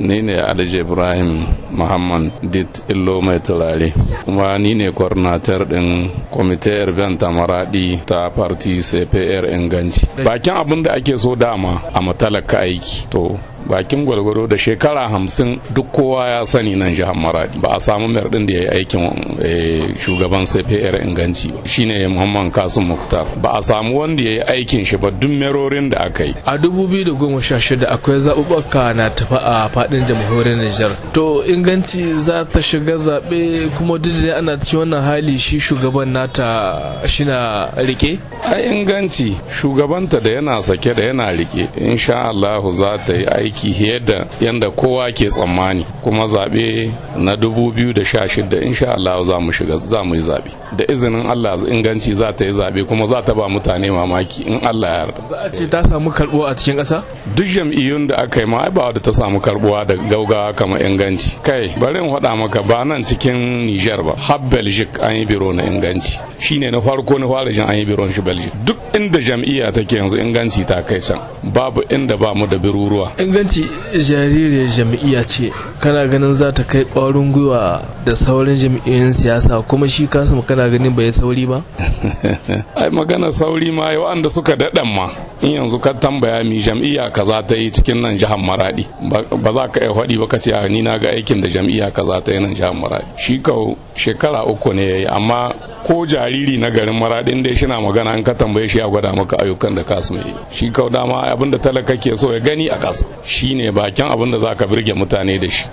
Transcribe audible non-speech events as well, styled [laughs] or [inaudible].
ni ne alhaji ibrahim muhammad dit illo mai tulare kuma ni ne coordinator din kwamitin irgan tamaradi ta parti cpr inganci bakin abin da ake so dama a matalaka aiki to bakin gwargwaro da shekara hamsin duk kowa ya sani nan jihar maradi ba a samu mardin da ya yi aikin eh, shugaban cpr inganci ba shine muhammad kasim muktar ba a samu wanda ya yi aikin shi ba duk merorin da aka yi a 2016 akwai zaɓuɓɓuka na tafi a faɗin jamhuriyar nijar to inganci za ta shiga zaɓe kuma duk da ana cikin wannan hali shi shugaban nata shi na rike a inganci shugabanta da yana sake da yana rike insha Allah za ta yi aiki aiki fiye da yadda kowa ke tsammani kuma zaɓe na 2016 insha Allah za mu shiga za mu yi zaɓe da izinin Allah inganci za ta yi zaɓe kuma za ta ba mutane mamaki in Allah ya yarda. Za a ce ta samu karɓuwa a cikin ƙasa? Duk jam'iyyun da aka yi ma ai ba da ta samu karɓuwa da gaugawa kamar inganci. Kai bari in faɗa maka ba nan cikin Nijar ba har Belgic an yi biro na inganci shine na farko na fara jin an yi biron shi Belgic duk inda jam'iyya take yanzu inganci ta kai can babu inda ba mu da biruruwa. Inganci gwamnati jaririyar jam'iyya ce kana ganin za ta kai kwarin gwiwa da sauran jami'in siyasa kuma shi kasu kana ganin bai sauri ba [laughs] ai magana sauri ma yau an suka daɗan ma in yanzu ka tambaya mi jam'iyya kaza ta yi cikin nan jihar maradi ba za ka iya faɗi ba ka ce ah, ni na ga aikin da jam'iyya kaza ta yi nan jihar maradi shi kau shekara uku ne yayi amma ko jariri na garin Maradi da shi na magana an ka tambaye shi ya gwada maka ayyukan da kasu mai shi kau dama abinda talaka ke so ya gani a Shi shine bakin abinda za ka birge mutane da shi